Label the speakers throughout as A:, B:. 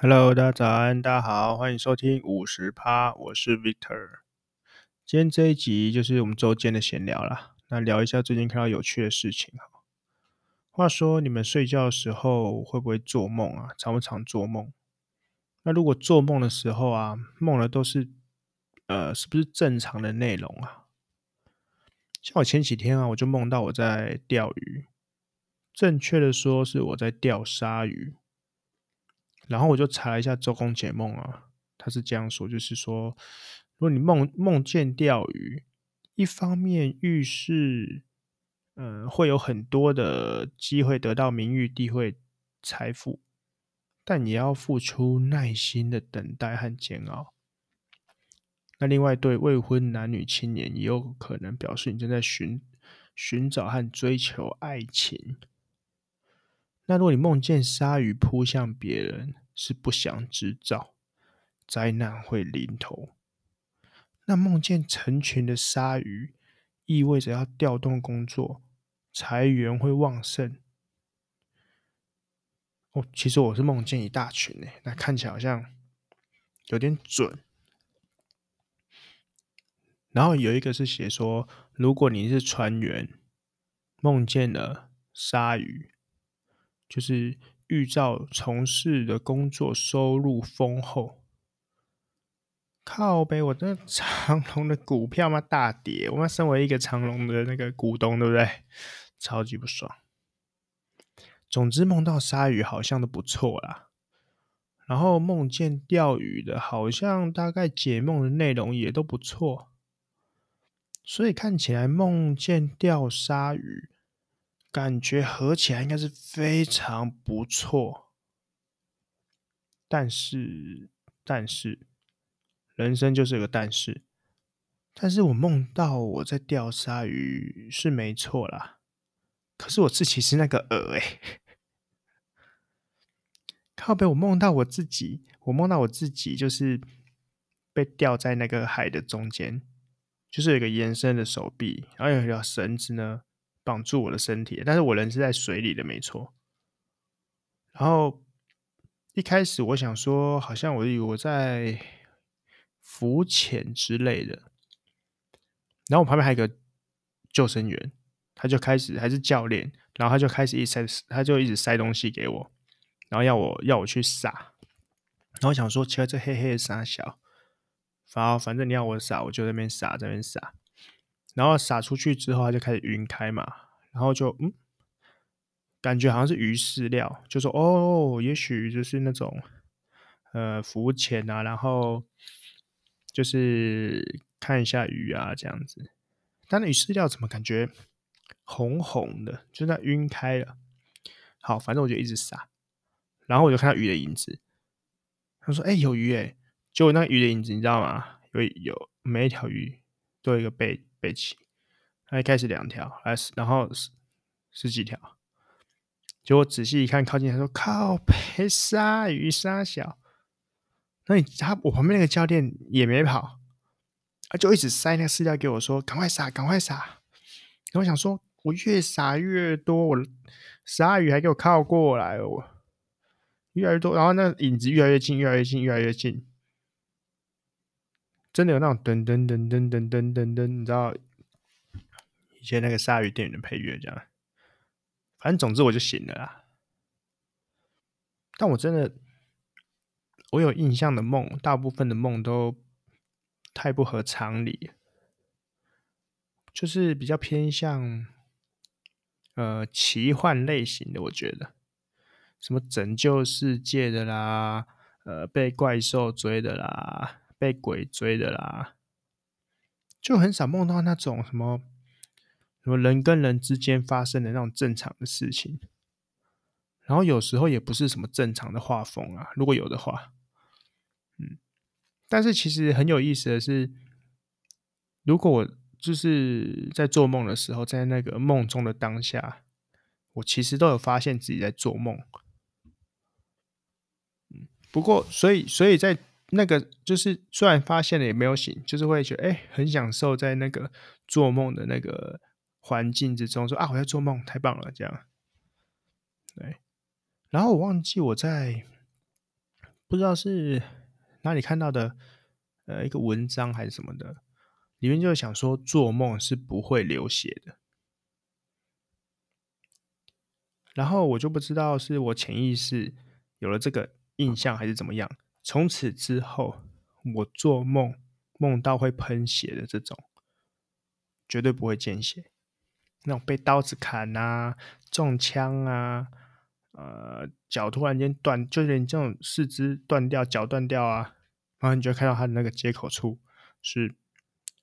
A: Hello，大家早安，大家好，歡迎收聽五十趴，我是 Victor。今天這一集就是我們週間的閒聊啦，那聊一下最近看到有趣的事情哈。話說，你們睡覺的時候會不會做夢啊？常不常做夢？那如果做夢的時候啊，夢的都是呃，是不是正常的內容啊？像我前幾天啊，我就夢到我在釣魚，正確的說是我在釣鯊魚。然後我就查了一下《周公解夢》啊，他是這樣說，就是說，如果你夢夢見釣魚，一方面預示，嗯、呃，會有很多的機會得到名譽、地位、財富，但也要付出耐心的等待和煎熬。那另外，對未婚男女青年，也有可能表示你正在尋尋找和追求愛情。那如果你夢見鯊魚撲向別人，是不祥之兆，災難會臨頭。那夢見成群的鯊魚，意味着要調動工作，財源會旺盛。哦，其實我是夢見一大群呢、欸，那看起來好像有點準。然後有一個是寫說，如果你是船員，夢見了鯊魚。就是預兆從事的工作收入豐厚，靠北！我這長隆的股票嘛大跌！我們身為一個長隆的那個股東，對不對？超級不爽。總之，夢到鯊魚好像都不錯啦。然後夢見釣魚的，好像大概解夢的內容也都不錯。所以看起來夢見釣鯊魚。感覺合起來應該是非常不錯，但是，但是，人生就是個但是，但是我夢到我在釣鯊魚是沒錯啦，可是我自己是那個餌哎，靠北，我夢到我自己，我夢到我自己就是被吊在那個海的中間，就是有一個延伸的手臂，然後有一條繩子呢，綁住我的身體，但是我人是在水裡的，沒錯。然後一開始我想說，好像我我在浮潛之類的。然後我旁邊還有個救生員，他就開始還是教練，然後他就開始一塞，他就一直塞東西給我，然後要我要我去撒。然後我想說，其實這黑黑的殺小，然後反正你要我撒，我就在那邊撒，在那邊撒。然後撒出去之後，它就開始暈開嘛，然後就嗯，感覺好像是魚飼料，就說哦，也許就是那種呃浮潛啊，然後就是看一下魚啊這樣子。但那魚飼料怎麼感覺紅紅的，就那暈開了。好，反正我就一直撒，然後我就看到魚的影子。他說：“哎、欸，有魚哎、欸！”就那魚的影子，你知道嗎？有有每一條魚都有一個背。背鰭，還開始兩條，還是然後十幾條，結果仔細一看靠，靠近他說靠，陪鯊魚鯊小。那你他我旁邊那個教練也沒跑，啊就一直塞那個飼料給我說趕快撒趕快撒然後我想說我越撒越多，我鯊魚還給我靠過來，哦，越來越多，然後那影子越來越近越來越近越來越近。越真的有那種噔噔噔噔噔噔噔噔，你知道以前那個鯊魚電影的配樂這樣。反正總之我就醒了啦。但我真的，我有印象的夢，大部分的夢都太不合常理，就是比較偏向呃奇幻類型的。我覺得什麼拯救世界的啦，呃被怪獸追的啦。被鬼追的啦，就很少夢到那種什麼什麼人跟人之間發生的那種正常的事情，然後有時候也不是什麼正常的畫風啊，如果有的話，嗯，但是其實很有意思的是，如果我就是在做夢的時候，在那個夢中的當下，我其實都有發現自己在做夢，嗯，不過所以所以在。那個就是雖然發現了也沒有醒，就是會覺得哎、欸，很享受在那個做夢的那個環境之中，說啊，我在做夢，太棒了，這樣。對，然後我忘記我在不知道是哪裡看到的，呃，一個文章還是什麼的，裡面就是想說做夢是不會流血的。然後我就不知道是我潛意識有了這個印象還是怎麼樣。從此之後，我做夢夢到會噴血的這種，絕對不會見血。那種被刀子砍啊、中槍啊、呃，腳突然間斷，就連這種四肢斷掉、腳斷掉啊，然後你就會看到他的那個接口處是，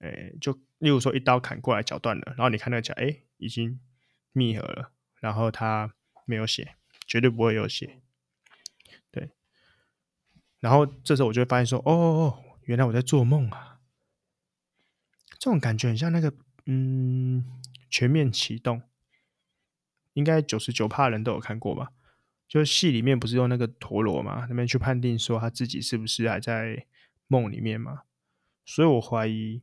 A: 哎、欸，就例如說一刀砍過來，腳斷了，然後你看那個腳，哎、欸，已經密合了，然後他沒有血，絕對不會有血。然後這時候我就會發現說，哦，哦哦，原來我在做夢啊！這種感覺很像那個，嗯，全面啟動，應該九十九趴人都有看過吧？就是戲裡面不是用那個陀螺嘛，那邊去判定說他自己是不是還在夢裡面嘛？所以我懷疑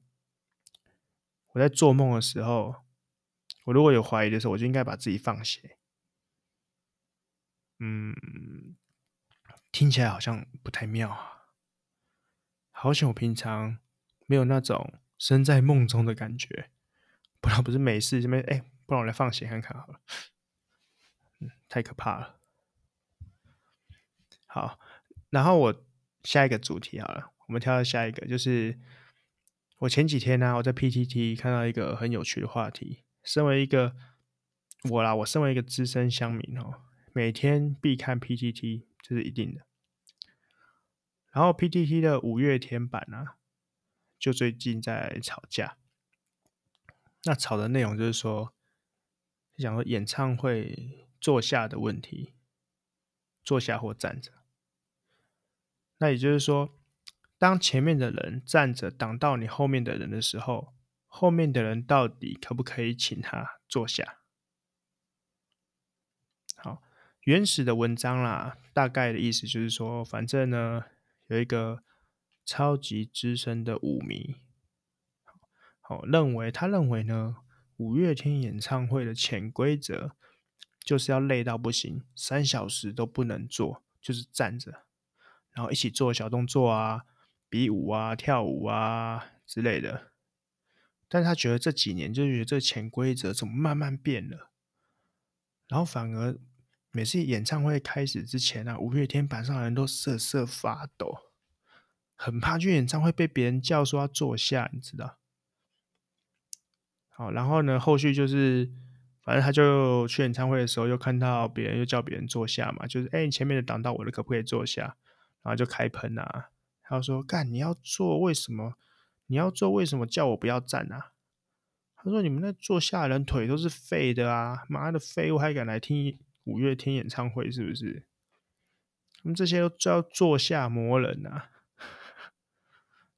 A: 我在做夢的時候，我如果有懷疑的時候，我就應該把自己放血。嗯。聽起來好像不太妙啊！好像我平常沒有那種身在夢中的感覺。不然不是沒事這邊哎，不然我來放血看看好了、嗯。太可怕了。好，然後我下一個主題好了，我們跳到下一個，就是我前幾天呢、啊，我在 P T T 看到一個很有趣的話題。身為一個我啦，我身為一個資深鄉民哦、喔，每天必看 P T T。這是一定的。然後，PTT 的五月天版呢、啊，就最近在吵架。那吵的內容就是說，想說演唱會坐下的問題，坐下或站着。那也就是說，當前面的人站着擋到你後面的人的時候，後面的人到底可不可以請他坐下？原始的文章啦，大概的意思就是說，反正呢，有一個超級資深的五迷，好認為他認為呢，五月天演唱會的潛規則就是要累到不行，三小時都不能坐，就是站着，然後一起做小動作啊、比舞啊、跳舞啊之類的。但他覺得這幾年就覺得這潛規則怎麼慢慢變了，然後反而。每次演唱會開始之前呢、啊，五月天板上的人都瑟瑟發抖，很怕去演唱會被別人叫說要坐下，你知道？好，然後呢，後續就是，反正他就去演唱會的時候，又看到別人又叫別人坐下嘛，就是誒、欸，你前面的擋到我了，可不可以坐下？然後就開噴啊，他說，幹你要坐為什麼？你要坐為什麼叫我不要站啊？他說你們那坐下的人腿都是廢的啊，媽的廢物還敢來聽？五月天演唱會是不是？我們這些都叫做坐下魔人啊。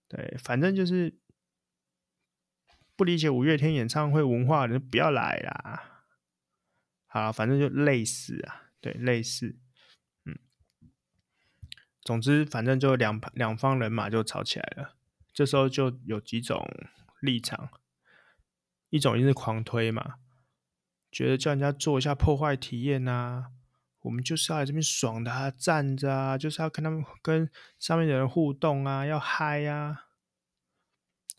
A: 對，反正就是不理解五月天演唱會文化的人不要來啦。好，反正就類似啊，對，類似。嗯，總之反正就兩兩方人馬就吵起來了。這時候就有幾種立場，一種就是狂推嘛。覺得叫人家做一下破壞體驗吶、啊，我們就是要來這邊爽的啊，站着啊，就是要跟他們跟上面的人互動啊，要嗨呀、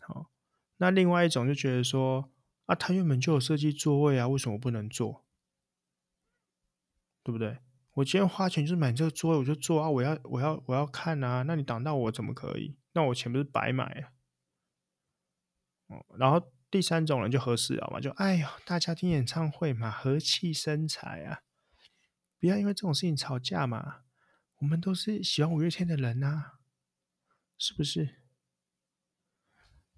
A: 啊。好，那另外一種就覺得說，啊，他原本就有設計座位啊，為什麼我不能坐？對不對？我今天花錢就是買這個座位，我就坐啊，我要我要我要看啊，那你擋到我怎麼可以？那我錢不是白買啊？哦，然後。第三種人就合適了嘛，就哎呦，大家聽演唱會嘛，和氣生財啊，不要因為這種事情吵架嘛。我們都是喜歡五月天的人啊，是不是？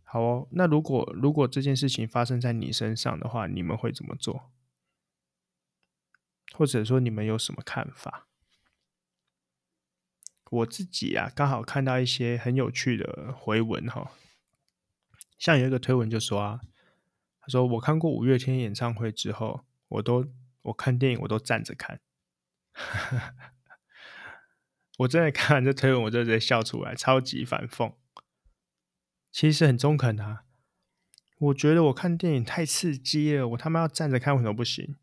A: 好哦，那如果如果這件事情發生在你身上的話，你們會怎麼做？或者說你們有什麼看法？我自己啊，剛好看到一些很有趣的回文哈。像有一個推文，就說啊，他說，我看過五月天演唱會之後，我都我看電影我都站着看， 我真的看完這推文我就直接笑出來，超級反諷。其實很中肯啊，我覺得我看電影太刺激了，我他媽要站着看我都不行。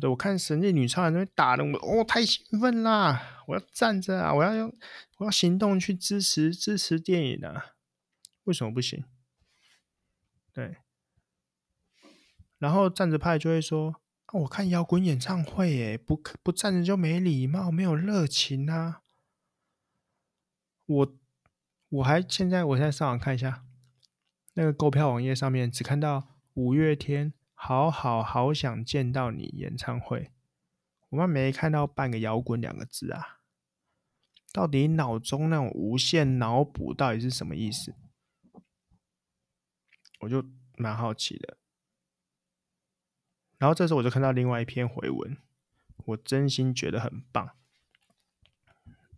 A: 對，我看《神力女超人》那邊打的我哦太興奮啦啊，我要站着啊，我要用我要行動去支持支持電影啊，為什麼不行？對，然後站着派就會說、啊：“我看搖滾演唱會，哎，不不站着就沒禮貌，沒有熱情啊。我”我我還現在我現在上網看一下，那個購票網頁上面只看到五月天，好好好想見到你演唱會，我們沒看到半個搖滾兩個字啊！到底腦中那種無限腦補到底是什麼意思？我就蠻好奇的，然後這時候我就看到另外一篇回文，我真心覺得很棒。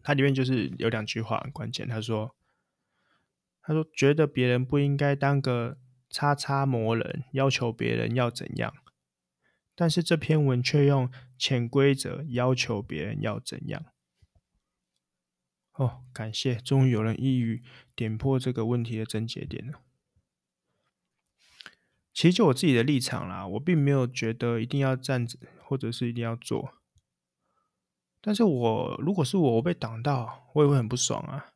A: 它裡面就是有兩句話很關鍵，他說：“他說覺得別人不應該當個叉叉魔人，要求別人要怎樣。”但是這篇文卻用潛規則要求別人要怎樣。哦，感謝，終於有人一語點破這個問題的症結點了。其實就我自己的立場啦，我並沒有覺得一定要站着或者是一定要坐。但是我如果是我，我被擋到，我也會很不爽啊。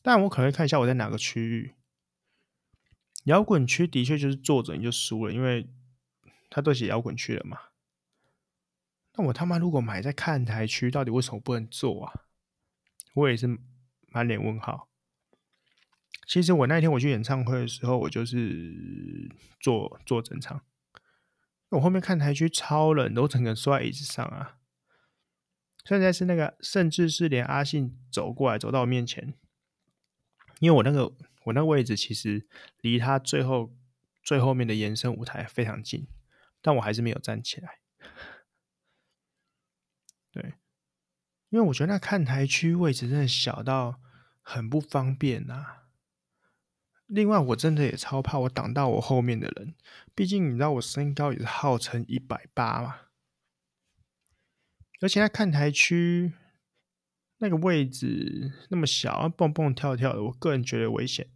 A: 但我可能會看一下我在哪個區域，搖滾區的確就是坐着你就輸了，因為他都寫搖滾區了嘛。那我他媽如果買在看台區，到底為什麼不能坐啊？我也是滿臉問號。其實我那天我去演唱會的時候，我就是坐坐整場，我後面看台區超冷，都整個摔在椅子上啊！現在是那個，甚至是連阿信走過來走到我面前，因為我那個我那個位置其實離他最後最後面的延伸舞台非常近，但我還是沒有站起來。對，因為我覺得那看台區位置真的小到很不方便啊。另外，我真的也超怕我擋到我後面的人，畢竟你知道我身高也是號稱一百八嘛。而且在看台區那個位置那麼小，啊，蹦蹦跳跳的，我個人覺得危險。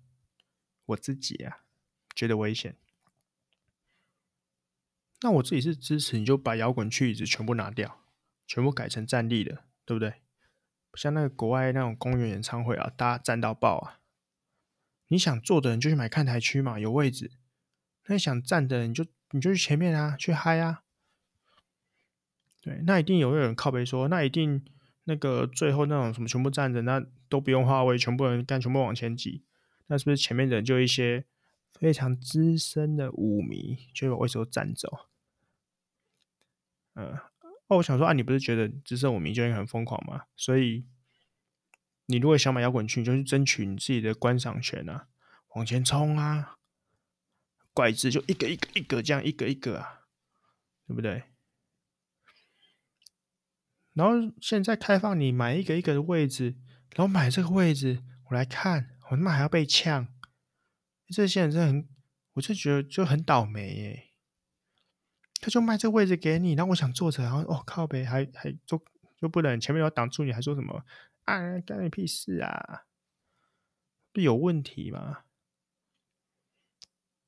A: 我自己啊覺得危險。那我自己是支持，你就把搖滾區椅子全部拿掉，全部改成站立的，對不對？像那個國外那種公園演唱會啊，大家站到爆啊。你想坐的人就去買看台區嘛，有位置。那想站的人你就你就去前面啊，去嗨啊。對，那一定有有人靠北說，那一定那個最後那種什麼全部站着，那都不用劃位，全部人幹全部往前擠。那是不是前面的人就一些非常資深的五迷就會把位置都占走？嗯、呃，哦，我想說啊，你不是覺得資深五迷就應該很瘋狂嗎？所以。你如果想買搖滾區，你就去爭取你自己的觀賞權啊！往前衝啊！拐子，就一個一個一個這樣一個一個啊，對不對？然後現在開放你買一個一個的位置，然後買這個位置，我來看，我他媽還要被嗆！這些人真的很，我就覺得就很倒霉耶、欸！他就賣這個位置給你，然後我想坐着，然後哦，靠北，還還就就不能前面要擋住你，你還說什麼？啊，幹你屁事啊！不有問題嗎？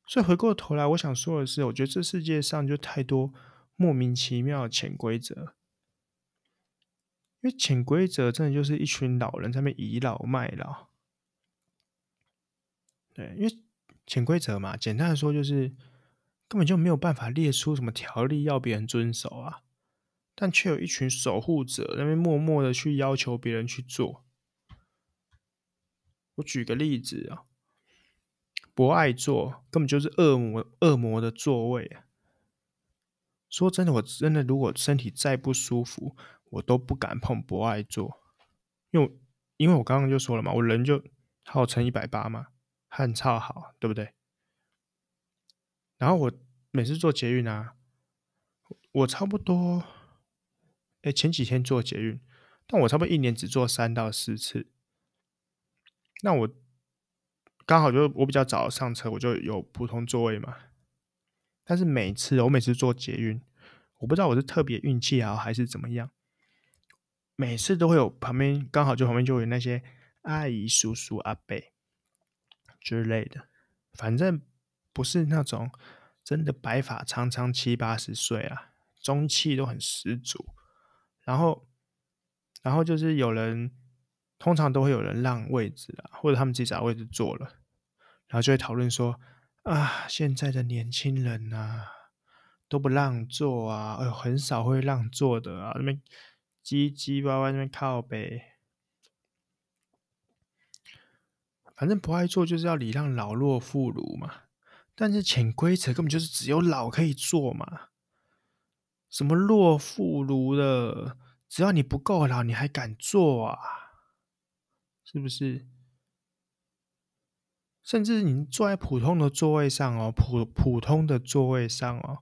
A: 所以回過頭來，我想說的是，我覺得這世界上就太多莫名其妙的潛規則，因為潛規則真的就是一群老人在那邊倚老賣老。對，因為潛規則嘛，簡單的說就是根本就沒有辦法列出什麼條例要別人遵守啊。但卻有一群守護者，那邊默默的去要求別人去做。我舉個例子啊，博愛座根本就是惡魔惡魔的座位。說真的，我真的如果身體再不舒服，我都不敢碰博愛座，因為我因為我剛剛就說了嘛，我人就號稱一百八嘛，汗超好，對不對？然後我每次坐捷運啊，我差不多。哎，前幾天坐捷運，但我差不多一年只坐三到四次。那我剛好就我比較早上車，我就有普通座位嘛。但是每次我每次坐捷運，我不知道我是特別運氣好還是怎麼樣，每次都會有旁邊剛好就旁邊就有那些阿姨、叔叔、阿伯之類的，反正不是那種真的白髮蒼蒼七八十歲啊，中氣都很十足。然後，然後就是有人，通常都會有人讓位置啊，或者他們自己找位置坐了，然後就會討論說，啊，現在的年輕人吶、啊，都不讓坐啊，哎呦，很少會讓坐的啊，那邊唧唧歪歪，那邊靠北。反正不愛坐就是要禮讓老弱婦孺嘛，但是潛規則根本就是只有老可以坐嘛。什麼弱婦孺的？只要你不夠老，你還敢坐啊？是不是？甚至你坐在普通的座位上哦，普普通的座位上哦，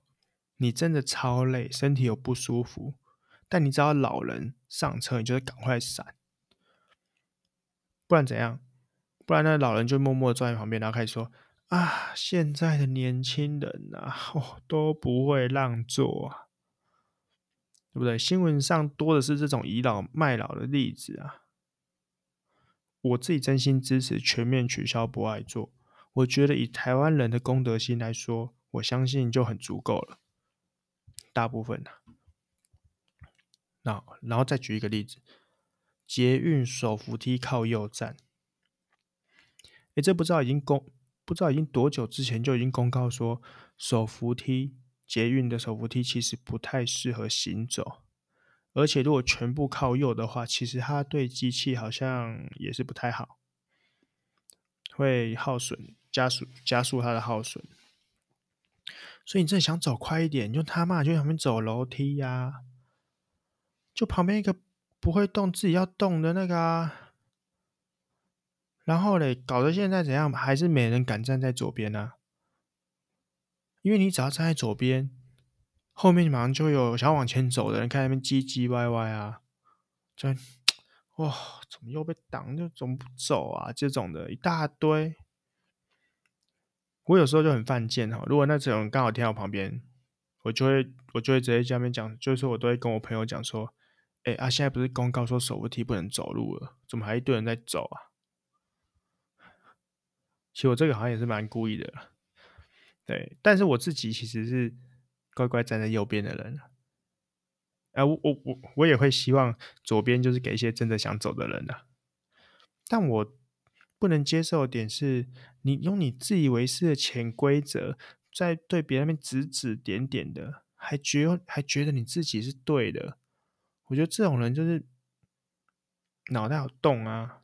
A: 你真的超累，身體有不舒服。但你知道老人上車，你就會趕快閃，不然怎樣？不然那老人就默默坐在旁邊，然後開始說：“啊，現在的年輕人啊，哦，都不會讓座啊。”對不對？新聞上多的是這種倚老賣老的例子啊！我自己真心支持全面取消博愛座。我覺得以台灣人的公德心來說，我相信就很足夠了。大部分吶、啊，那，然後再舉一個例子：捷運手扶梯靠右站。哎，這不知道已經公不知道已經多久之前就已經公告說，手扶梯。捷運的手扶梯其實不太適合行走，而且如果全部靠右的話，其實它對機器好像也是不太好，會耗損，加速加速它的耗損。所以你真的想走快一點，你就他媽就旁邊走樓梯呀！就旁邊、啊、一個不會動自己要動的那個啊，然後嘞搞得現在怎樣，還是沒人敢站在左邊呢、啊。因為你只要站在左邊，後面馬上就有想要往前走的人，看那邊唧唧歪歪啊，就，哇，怎麼又被擋？就怎麼不走啊？這種的一大堆，我有時候就很犯賤哈。如果那幾人剛好停到旁邊，我就會我就會直接下面講，就是我都會跟我朋友講說，哎啊，現在不是公告說手扶梯不能走路了，怎麼還一堆人在走啊？其實我這個好像也是蠻故意的。對，但是我自己其實是乖乖站在右邊的人啊。哎、啊，我我我我也會希望左邊就是給一些真的想走的人的、啊。但我不能接受的點是，你用你自以為是的潛規則在對別人面指指點點的，還覺還覺得你自己是對的。我覺得這種人就是腦袋有洞啊。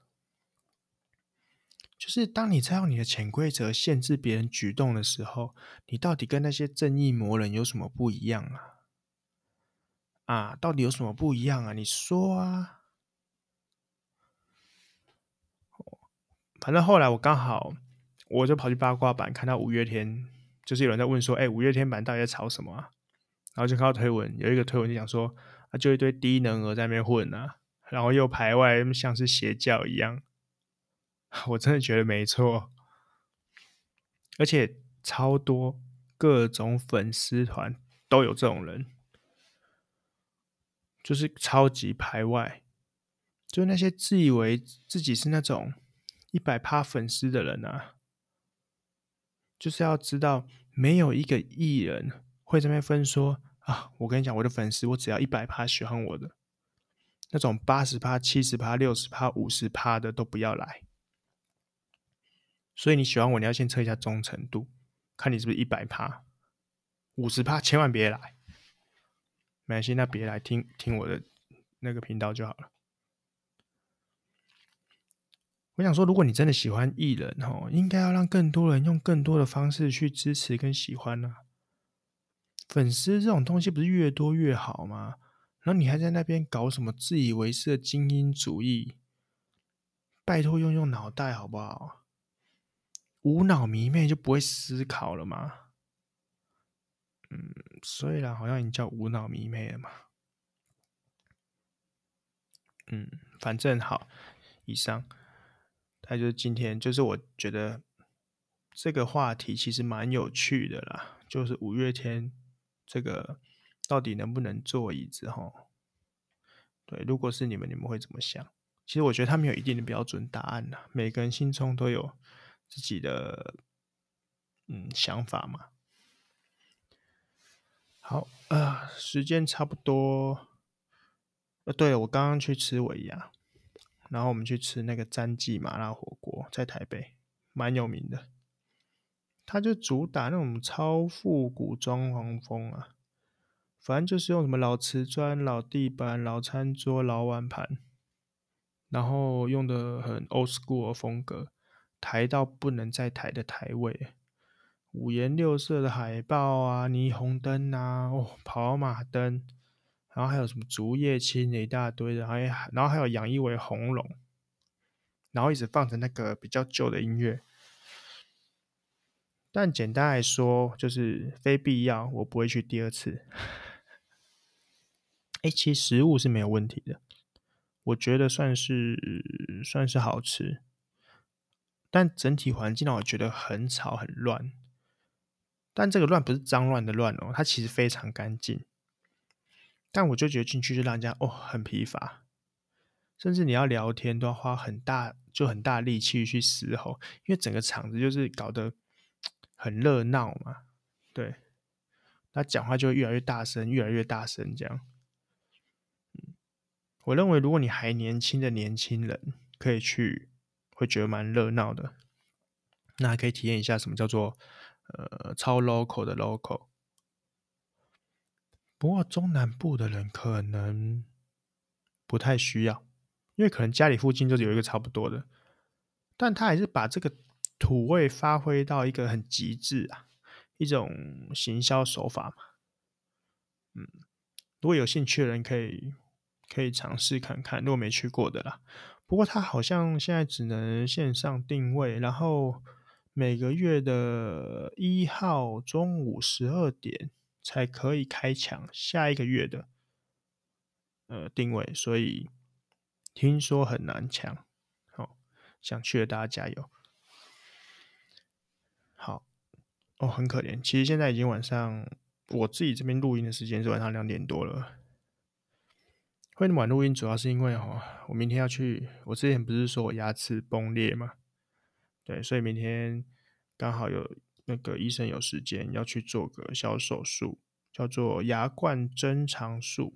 A: 就是當你在用你的潛規則限制別人舉動的時候，你到底跟那些正義魔人有什麼不一樣啊？啊，到底有什麼不一樣啊？你說啊！反正後來我剛好，我就跑去八卦版看到五月天，就是有人在問說：“哎、欸，五月天版到底在吵什麼啊？”然後就看到推文，有一個推文就講說：“啊，就一堆低能兒在那邊混啊，然後又排外，像是邪教一樣。”我真的覺得沒錯，而且超多各種粉絲團都有這種人，就是超級排外，就那些自以為自己是那種一百趴粉絲的人啊，就是要知道，沒有一個藝人會這邊分說啊。我跟你講，我的粉絲我只要一百趴喜歡我的，那種八十趴、七十趴、六十趴、五十趴的都不要來。所以你喜歡我，你要先測一下忠誠度，看你是不是一百趴，五十趴千萬別來。沒關係，那別來聽聽我的那個頻道就好了。我想說，如果你真的喜歡藝人哦，應該要讓更多人用更多的方式去支持跟喜歡呢、啊。粉絲這種東西不是越多越好嗎？然後你還在那邊搞什麼自以為是的精英主義？拜托用用腦袋好不好？無腦迷妹就不會思考了嗎？嗯，所以啦，好像你叫無腦迷妹了嘛。嗯，反正好，以上，那就是今天，就是我覺得這個話題其實蠻有趣的啦，就是五月天這個到底能不能坐椅子？哈，對，如果是你們，你們會怎麼想？其實我覺得他們有一定的標準答案吶，每個人心中都有。自己的嗯想法嘛，好啊、呃，時間差不多。呃，對，我剛剛去吃尾牙，然後我們去吃那個詹記麻辣火鍋，在台北蠻有名的，它就主打那種超復古裝潢風啊，反正就是用什麼老瓷磚、老地板、老餐桌、老碗盤，然後用的很 old school 的風格。台到不能再台的台味，五顏六色的海報啊，霓虹燈啊、哦，跑馬燈，然後還有什麼竹葉青的一大堆的，還然,然後還有楊一偉紅龍，然後一直放着那個比較舊的音樂。但簡單來說，就是非必要我不會去第二次。哎， 其實食物是沒有問題的，我覺得算是、呃、算是好吃。但整體環境讓我覺得很吵很亂，但這個亂不是髒亂的亂哦，它其實非常乾淨。但我就覺得進去就讓人家哦很疲乏，甚至你要聊天都要花很大就很大力氣去嘶吼，因為整個場子就是搞得很熱鬧嘛。對，他講話就會越來越大聲，越來越大聲這樣。我認為如果你還年輕的年輕人，可以去。會覺得蠻熱鬧的，那還可以體驗一下什麼叫做呃超 local 的 local。不過中南部的人可能不太需要，因為可能家裡附近就有一個差不多的，但他還是把這個土味發揮到一個很極致啊，一種行銷手法嘛。嗯，如果有興趣的人可以可以嘗試看看，如果沒去過的啦。不過他好像現在只能線上訂位，然後每個月的一號中午十二點才可以開搶下一個月的呃訂位，所以聽說很難搶。好，哦，想去的大家加油。好，哦，很可憐。其實現在已經晚上，我自己這邊錄音的時間是晚上兩點多了。會那麼晚錄音主要是因為哦，我明天要去。我之前不是說我牙齒崩裂嘛？對，所以明天剛好有那個醫生有時間要去做個小手術，叫做牙冠增長術。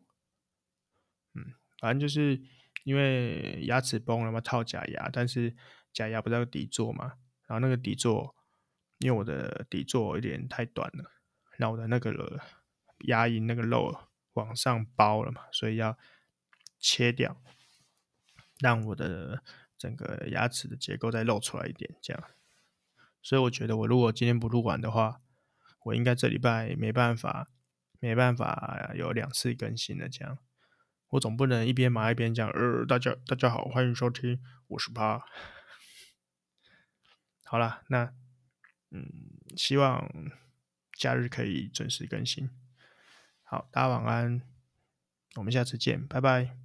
A: 嗯，反正就是因為牙齒崩了嘛，套假牙，但是假牙不知底座嘛，然後那個底座因為我的底座有點太短了，然後我的那個牙齦那個肉往上包了嘛，所以要。切掉，讓我的整個牙齒的結構再露出來一點，這樣。所以我覺得，我如果今天不錄完的話，我應該這禮拜沒辦法，沒辦法有兩次更新了這樣。我總不能一邊忙一邊講，呃，大家大家好，歡迎收聽，我是八。好啦，那，嗯，希望假日可以準時更新。好，大家晚安，我們下次見，拜拜。